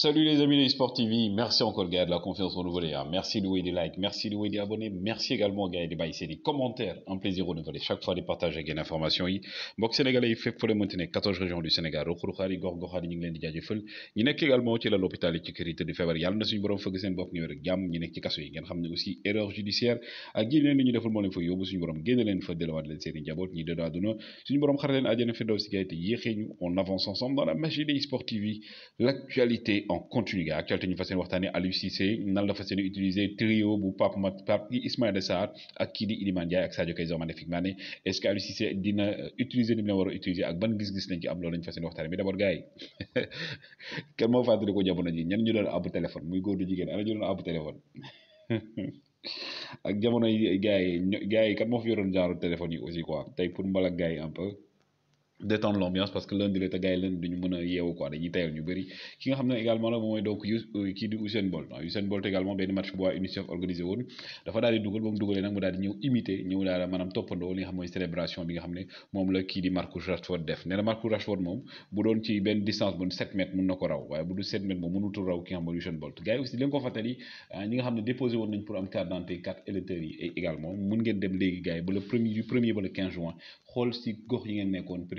Salut les amis de Sport TV, merci encore le gars de la confiance renouvelée. Hein. Merci louer des likes, merci louer des abonnés, merci également gars des bails et des commentaires. Un plaisir renouvelé. Chaque fois de partager avec une information. Bok Sénégalais, il fait pour le Monténégro, 14 régions du Sénégal. Rokhoukhari, Gorgokhari, Ninglen, Djadjefel. Nous sommes également à l'hôpital et sécurité de février. Nous sommes en train de faire des gam, nous sommes en train de faire des aussi erreur judiciaire. À Guinée, nous sommes en train de de des choses. Nous sommes en train de faire des choses. Nous sommes en train de faire des choses. Nous sommes en train de faire des choses. On avance ensemble dans la magie des Sport TV. L'actualité en continue gars actualité ñu fas yéene waxtaanee Aliou Cissé nan la fas utiliser trio bu Pape Mat Pape Ismaël Sarr ak kii di Iliman Ndiaye ak Sadio Kay fik Mané est-ce que Aliou Cissé dina euh, utiliser ni la leen utiliser ak ban gis-gis lañ ci am loolu lañ fas yéene waxtaanee mais d'abord gars yi mo moo fàttali ko jamono ji ñan ñu doon àbb téléphone muy goor du jigen ana ñu doon àbb téléphone ak jamono yi gars yi gars yi kat moo fi yoroon genre téléphone yi aussi quoi tay pour mbal ak gars yi un peu détendre l'ambiance parce que l'un des te gars yi lundi duñu mën a quoi dañuy tayal ñu bëri ki nga xamné également la moom donc euh, ki di Usain Bolt ah, Usain Bolt également benn match bois waa UNICEF organisé won dafa daal di dugal ba mu dugalee mu daal di ñëw imité ñëw daal di maanaam li nga xam moy célébration bi nga xamné mom la ki di Marcus Rashford def né la Marcus Rashford mom bu doon ci benn distance bu 7 mètres mun na ko raw waye bu du 7 mètres mënu tu raw ki nga xam Usain Bolt gars yi aussi nga ko fatali ah, ñi nga xamné déposé won nañ pour am carte d'identité carte électeur yi également mun ngeen dem léegi gars yi ba le premier du 1er ba le 15 juin xol si gox yi ngeen nekkoon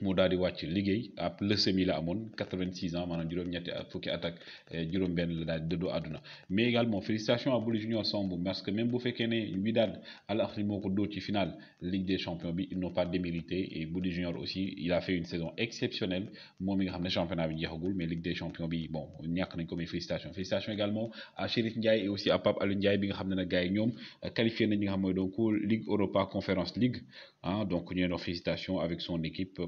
mu daal di wàcc liggéey ab leucémie la amoon 86 ans maanaam juróom-ñetti fukki at ak eh, juróom-benn la daal mais également félicitations à Bouli Junior parce que même bu fekkee ne Wydad Al Ahly moo ko ci finale Ligue des champions bi ils n'ont pas démérité et Bouli Junior aussi il a fait une saison exceptionnelle Moi, mi nga xam ne championnat bi jeexagul mais Ligue des champions bi bon ñàkk nañ ko une félicitations félicitations également à Chérif Ndiaye et aussi à Pape Alioune Ndiaye bi nga xam ne euh, qualifié nañ ñi Ligue Europa Conférence League ah donc ñu leen félicitations avec son équipe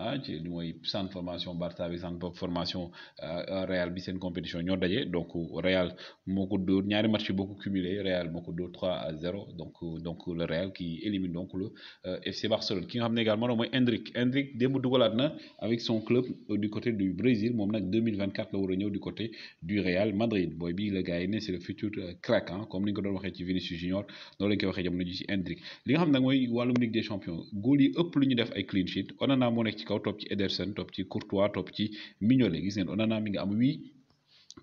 ah ci li mooy centre formation Barça bi centre formation euh, Real bi seen compétition ñoo daje donc Real moo ko dóor ñaari match boo ko cumulé Real moo ko dóor 3 à 0 donc donc le Real qui élimine donc le euh, FC Barcelone ki nga xam ne également mooy Endrick Endrick démb dugalaat na avec son club euh, du côté du Brésil moom nag 2024 la war a ñëw du côté du Real Madrid booy bi le gars yi ne c'est le futur crack hein, comme ni ñu ko doon waxee ci Vinicius Junior noonu lañ ko koy waxee jamono ji ci Endrick li nga xam nag mooy wàllum Ligue des Champions góol yi ëpp lu ñu def ay clean sheet Onana moo nekk ci kaw topp ci Ederson topp ci Courtois topp ci Mignolet gis ngeen na mi nga am huit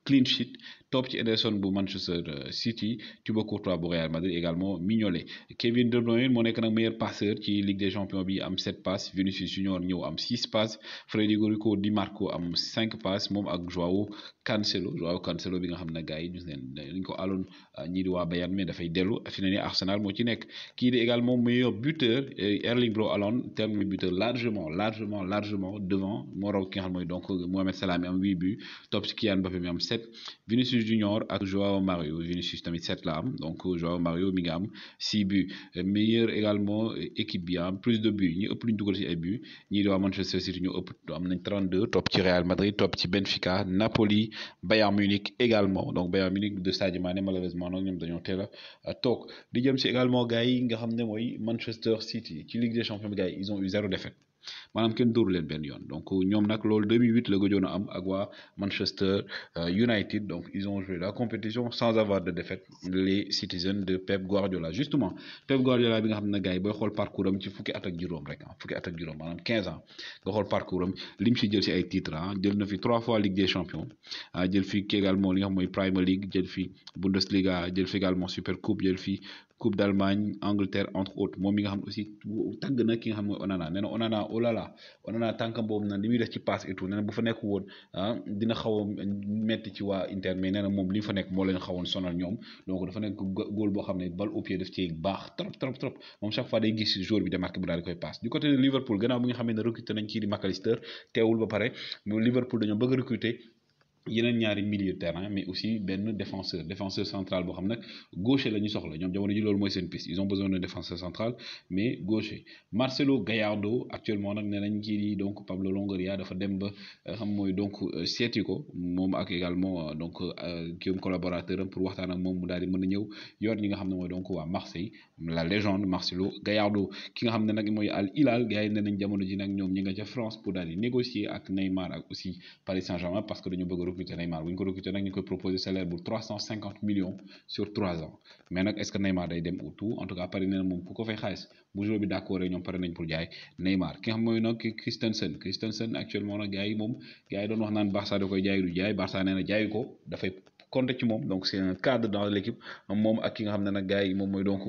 clean sheet Top ci Ederson bu Manchester euh, City Thibaut Courtois bu Real Madrid également Mignolet Kevin De Bruyne moo nekk meilleur passeur ci Ligue des Champions bi am 7 passes Vinicius Junior a am 6 passes Federico Di Marco am 5 passes mom ak Joao Cancelo Joao Cancelo bi nga xam ne gars yi ñu ngi ko àlloon euh, ñi di wa Bayern mais dafay dellu fi Arsenal mo ci nek ki di également meilleur buteur euh, Erling Bro Alon terme buteur largement largement largement devant moo donc Mohamed Salah mi am 8 buts top ci Kylian Mbappé mi am 7 Vinicius Junior ak Joao Mario Vinicius tamit 7 la am donc Joao Mario mi 6 buts meilleur également équipe bien plus de buts ñi ëpp luñ duggal ci ay buts ñi di Manchester City ñu ëpp am nañ 32 top ci Real Madrid top ci Benfica Napoli Bayern Munich également donc Bayern Munich de Sadio Mane malheureusement non ñoom eu téla tok di jëm ci également gars yi nga xam moy Manchester City ci Ligue des Champions gars ils ont eu zéro défaite manam kenn dóoru leen ben donc ñom nak loolu 2008 la gëjoon am ak wa Manchester euh, United donc ils ont joué la compétition sans avoir de défaite les citizens de Pep Guardiola justement Pep Guardiola bi nga xam gars xol parcours am ci fukki at ak juróom rek ah, fukki at ak juróom 15 ans nga xol parcours am a mu jël ci ay titres ah, jël na fi trois fois Ligue des Champions Il ah, jël fi également li nga xam moy Premier League jël fi Bundesliga jël fi également Super Coupe jël fi. coupe d'Allemagne Angleterre entre autres moom mi nga xam aussi tàgg na ki nga xam mooy Onana nee na Onana oh def ci passe et tout nee fa nekk woon ah, dina xaw a metti ci waa Inter mais nee moom li fa nekk moo leen xawoon sonal ñoom donc dafa nekk góol boo xam ne balle au pied daf ci baax trop trop trop moom chaque fois day gis joueur bi démarqué bu daal koy passe du côté de Liverpool gannaaw bi nga xam ne recruter nañ kii di McAllister teewul ba pare Liverpool yeneen ñaari milieu de terrain mais aussi benn défenseur défenseur central boo xam nag gaucher la ñu soxla ñoom jamono ji loolu mooy seen piste ils ont besoin d'un défenseur central mais gauche Marcelo Gallardo actuellement nag nee nañ donc Pablo Longoria dafa dem ba euh, xam mooy donc euh, seeti ko ak également euh, donc kiom collaborateur pour waxtaan ak moom mu daal di mën a ñëw yor ñi nga xam ne mooy donc waa Marseille la légende Marcelo Gallardo ki nga xam ne moy Al Hilal gars yi nee nañ jamono ji nag ñoom ñi nga ca France pour daal di négocier ak Neymar ak aussi Paris Saint-Germain parce que dañu bëgg recruter Neymar Buñ ñu ko recruter nak ñu koy proposer salaire bu 350 millions sur 3 ans mais nak est ce que Neymar day dem ou tout en tout cas Paris nee na moom ku ko fay xaalis bu jour bi d'accord ñom paré nañ pour jaay Neymar ki nga xam mooy nag Christensen Christensen actuellement nak gaay yi moom gars yi doon wax naan Barça da koy jaay du jaay Barça nee na ko da fay compter ci mom donc c'est un cadre dans l'équipe mom ak ki nga xam ne nag gars yi moom mooy donc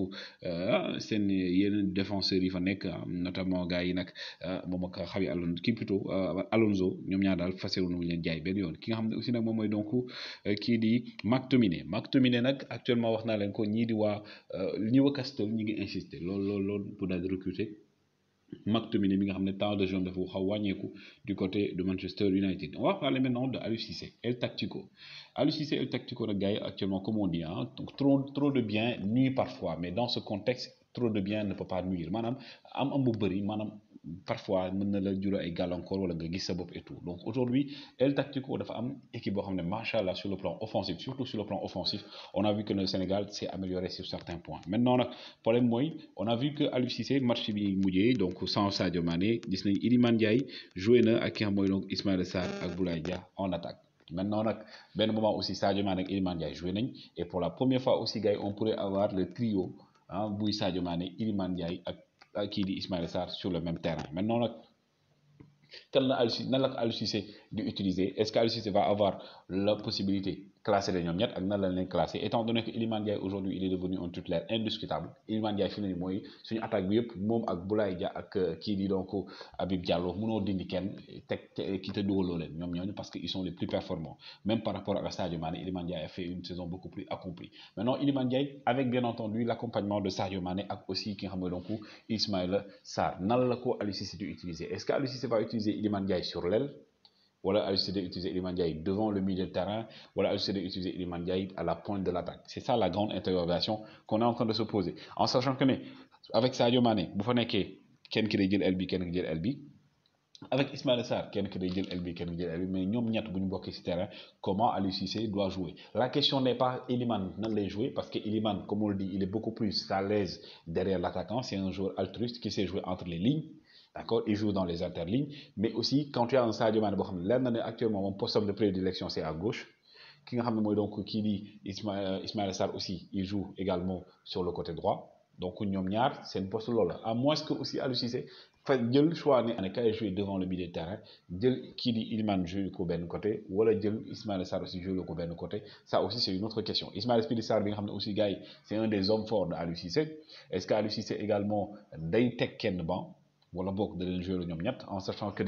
euh, seen yeneen défenseurs yi fa nek notamment gaay yi nak euh, mom ak Xabi euh, Alonso ki plutôt Alonso ñom ñaar dal fassé wu ñu leen jaay benn yoon ki nga xam ne aussi nak mom moy donc ki di McTominay McTominay nak actuellement wax na leen ko ñi di wa Newcastle ñi ngi insister lool lool pour être recruté. recruter McTominay mi nga xam temps de jeu de xaw du côté de Manchester United on va parler maintenant de Aliou El Tactico Aliou El Tactico le gars actuellement comme on dit hein, donc trop trop de bien nuit parfois mais dans ce contexte trop de bien ne peut pas nuire madame. am am bu parfois mën na la jural ay gàllankoor wala nga gis sa bopp et tout donc aujourd'hui El Tactico dafa am équipe boo xam ne macha allah sur le plan offensif surtout sur le plan offensif on a vu que le Sénégal s'est amélioré sur certains points maintenant nag problème mooy on a vu que Aliou Cissé match bi mujjee donc sans Sadio Mané gis nañ Iliman Ndiaye joué na ak ki donc ismaël Sarr ak Boulaye Dia en attaque. Maintenant, ben moment aussi, Sadio Mané et Iliman Diaye jouent. Et pour la première fois aussi, on pourrait avoir le trio, hein, Bouy Sadio Mané, Iliman Diaye et qui dit Ismaël Sarr sur le même terrain maintenant là, kan la est-ce qu'Al va avoir la possibilité classé les ñoom ak nan lañ leen classé étant donné que Iliman aujourd'hui il est devenu un titulaire indiscutable Iliman Diaye fi mu ne suñu attaque bi yépp moom ak Boulaye Dia ak euh, ki di donc Habib Diallo mënoo dindi kenn teg ki te dugaloo leen ñoom parce que ils sont les plus performants même par rapport à Sadio Mané Iliman Diaye a fait une saison beaucoup plus accomplie maintenant Iliman Diaye, avec bien entendu l'accompagnement de Sadio Mané ak aussi ki nga xam ne donc Ismaïla Sarr nan la ko Aliou du utiliser est-ce que va utiliser Iliman Diaye sur l'aile voilà Alistair utiliser Iliman Diaye devant le milieu de terrain. Voilà Alistair utiliser Iliman Diaye à la pointe de l'attaque. C'est ça la grande interrogation qu'on est en train de se poser. En sachant que, avec Sadio Mane, vous connaissez Ken Kredjil LB, Ken Kredjil LB. avec Ismaël Sarr kenn ki day jël LB kenn ki jël LB mais nous, nous bu ñu ci terrain comment Aliou Cissé doit jouer la question n'est pas Iliman nan les jouer parce que Iliman comme on le dit il est beaucoup plus à l'aise derrière l'attaquant c'est un joueur altruiste qui sait jouer entre les lignes D'accord Il joue dans les interlignes. Mais aussi, quand tu as un Sadio Mane, actuellement, mon poste de prédilection, c'est à gauche. Qui donc qui dit Ismaël euh, Sarr aussi, il joue également sur le côté droit. Donc, c'est une poste là. À moins que aussi à fait le choix de jouer devant le milieu de terrain, qui dit Ilman joue au côté, ou Ismaël Sarr aussi joue au côté, ça aussi c'est une autre question. Ismaël Sarr, aussi, c'est un des hommes forts de Est-ce qu'à un également, Day Ken Ban wala book da leen joué ñoom ñett en sachant que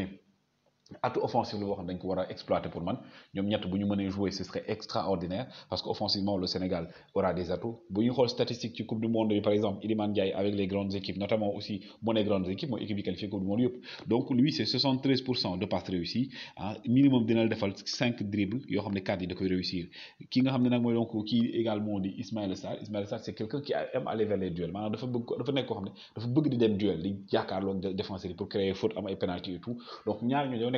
atout offensif la boo dañ ko wara exploiter pour man ñom ñett buñu mëne jouer ce serait extraordinaire parce que offensivement le Sénégal aura des atouts buñu xol statistique ci coupe du monde par exemple Iliman Ndiaye avec les grandes équipes notamment aussi mon grandes équipes mooy équipe qualifiée coupe du monde donc lui c'est 73 de passes réussies ah, minimum dina 5 dribbles il y a 4 da koy réussir ki nga xamné donc qui également di Ismaël Sarr Ismaël Sarr c'est quelqu'un qui aime aller vers les duels maanaam dafa bëgg dafa nek ko xamné ne dafa bëgg di dem duel défenseurs pour créer faute am ay penalty et tout donc ñaar ñoo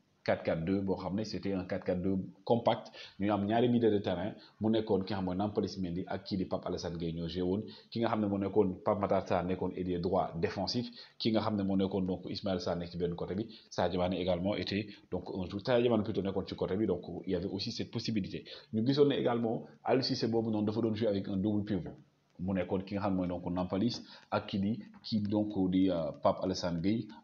4-4-2 bon, xamné c'était un 4-4-2 compact ñu am ñaari milieu de terrain mu qui ki nga xam mooy Nampalys Mendy ak ki di Pape Alassane Gueye ñoo joué woon ki nga xamné mo moo Pape Matar Sarr nekkoon ailier droit défensif ki nga xamné mo moo donc Ismaël Sarr nekk ci de côté bi Sadio Mané également était donc un jour Sadio Mané plutôt nekkoon ci côté bi donc il y avait aussi cette possibilité ñu gissone également Aliou Cissé boobu nous dafa doon jouer avec un double pivot mon école, qui est xam ne donc Nampalis ak qui dit donc le euh, euh, Pape Alassane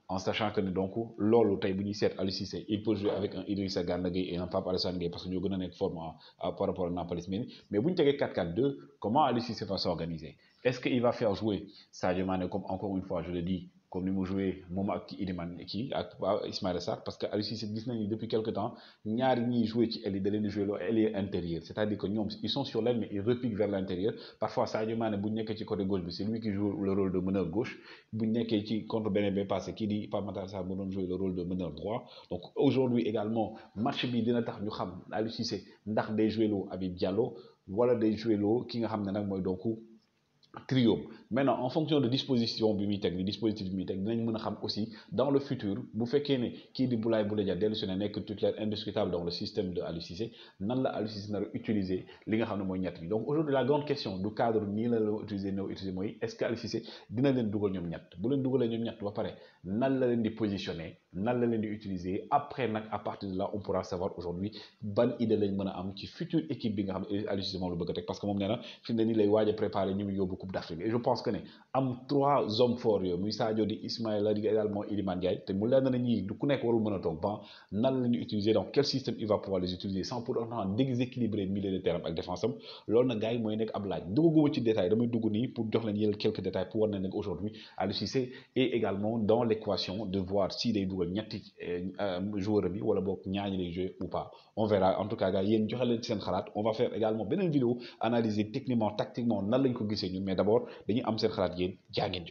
en sachant que donc loolu il peut jouer avec un Idrissa Gana et un Pape Alassane Gueye parce que nous avons a forme euh, par rapport à Nampalis mais mais vous 4-4-2 comment Aliou Cissé va s'organiser est-ce qu'il va faire jouer Sadio Mané comme encore une fois je le dis comme nous mu joué Mouma ak Iliman kii Ismaël parce que Aliou Cissé gis depuis quelque temps ñaari ñiy joué ci aile da leen di intérieur à dire que ils sont sur l'aile mais ils repiquent vers parfois parfois Sadio Mané bu nekkee ci côté gauche bi c'est lui qui joue le rôle de meneur gauche bu nekkee ci contre beneen bi passé dit pas Pape Matar Sarr joue le rôle de meneur droit donc aujourd'hui également match bi dina tax ñu xam Aliou Cissé ndax day joué Habib Diallo wala des joué loo ki nga xam donc trio maintenant en fonction de disposition bi muy teg ni dispositif bi muy teg dinañ mën a xam aussi dans le futur bu fekkee ne kii di Boulaye Boulaye Dia dellu su ne nekk tutelle indiscutable dans le système de alucisé nan la alucisé n'a nar utiliser li nga xam ne mooy ñett bi donc aujourd'hui la grande question du cadre nii la la utiliser néew utiliser mooy est-ce que Aliou dina leen dugal ñoom ñett bu leen dugalee ñoom ñett ba pare nan la leen di positionner nan la leen di utiliser après nag à partir de là on pourra savoir aujourd'hui ban idée lañ mën a am ci future équipe bi nga xam ne Aliou moom bëgg a teg parce que moom nee na fi mu ne nii lay waaj a préparer ñu yóbbu Coupe d'Afrique et je pense pense que ne am trois hommes forts yo muy Sadio di Ismaïla di également Iliman Ndiaye te mu leer na ni du ku nek warul mën tok ban nan la utiliser donc quel système il va pouvoir les utiliser sans pour autant déséquilibrer milieu de terrain avec défense am na nag moy nek mooy nekk ab laaj dugguma ci détail damay dugg ni pour jox quelques détails pour war aujourd'hui à aujourd'hui Aliou Cissé et également dans l'équation de voir si day dougal ñetti euh, joueur bi wala boog ñaañi lay jouer ou pas on verra en tout cas gars yeen joxe leen ci seen on va faire également une vidéo analyser techniquement tactiquement nan lañ ko gisee ñu mais d'abord dañuy am seen xalaat yéen jaa ngeen